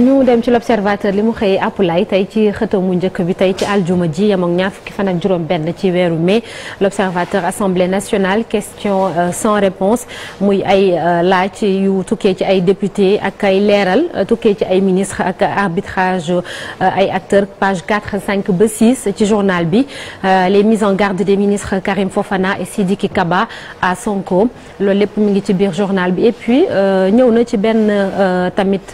ñu dem ci l'observateur li mu xëyee Apulaay tey ci xëtam njëkk bi tey ci aljuma ji yem ñaa fukki fan ak juróom benn ci weeru mai l'observateur assemblée nationale question euh, sans réponse muy ay euh, laaj yu tukkee ci ay député ak ay leeral euh, tukkee ci ay ministre ak arbitrage ay acteurs page 4 5 ba 6 ci journal bi les mises en garde des ministres Karim Fofana et Sidiki Kaba à Sonko loolu lépp mu ngi ci biir journal bi et puis ñëw na ci benn tamit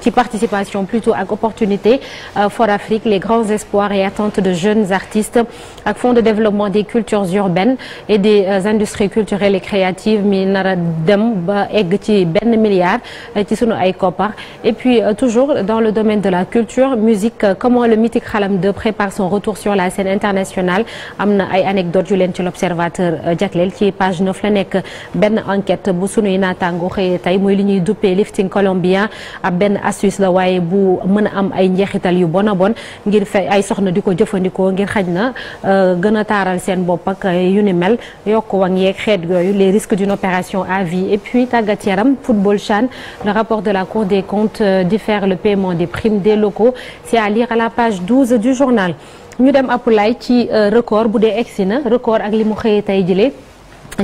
ci participation plutôt ak opportunité euh, For Afrique les grands espoirs et attentes de jeunes artistes ak fonds de développement des cultures urbaines et des euh, industries culturelles et créatives mi nar dem ba egg ci benn milliard euh, ci sunu ay koppar et toujours dans le domaine de la culture musique comment le mythique Xalam 2 prépare son retour sur la scène internationale am na ay anecdotes yu leen ci l'observateur jagleel ci page 9 la nekk benn enquête bu sunuy naataango xëyee tey muy li ñuy duppee lifting colombien ab benn astuce la waaye bu mën a am ay njeexital yu bon a bon ngir fay ay soxna di ko jëfandikoo ngir xaj na euh, gën a taaral seen bopp ak euh, yu ni mel yokk wang yeeg xeet yooyu les risques d'une opération à vie et puis tàggat yaram football chan le rapport de la Cour des comptes euh, diffère le paiement des primes des locaux c'est à lire à la page 12 du journal ñu dem appulaay ci record bu dee egsi na record ak li mu xëyee tey jëlee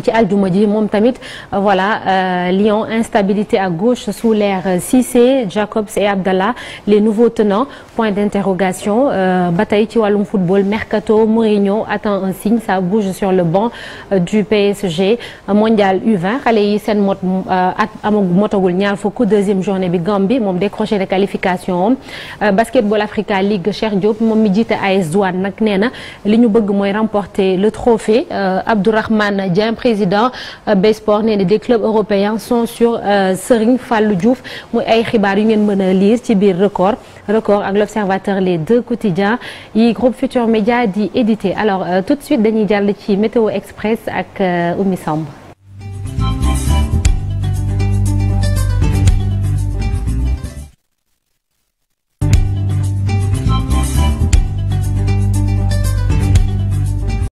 ci aljuma ji moom tamit euh, voilà euh, Lyon instabilité à gauche sous l'ère Cissé Jacobs et Abdallah les nouveaux tenants point d'interrogation euh, ba tey ci wàllum football mercato Mourinho attend un signe ça bouge sur le banc du PSG mondial U20 yi seen mot at amagu motagul ñaar fukk deuxième journée bi Gambie moom décroché na qualification am Basketball Africa League Cheikh Diop moom mi jiite AS Douane nag nee na li ñu bëgg mooy remporter le trophée Abdourahmane président euh, Besport nee na des clubs européens sont sur euh, Serigne Fallou Diouf muy ay xibaar yu ngeen mën a lire ci biir record record ak l'observateur les deux quotidiens yi groupe Futur Média di édité alors euh, tout de suite dañuy jàll ci météo express ak Oumy Samb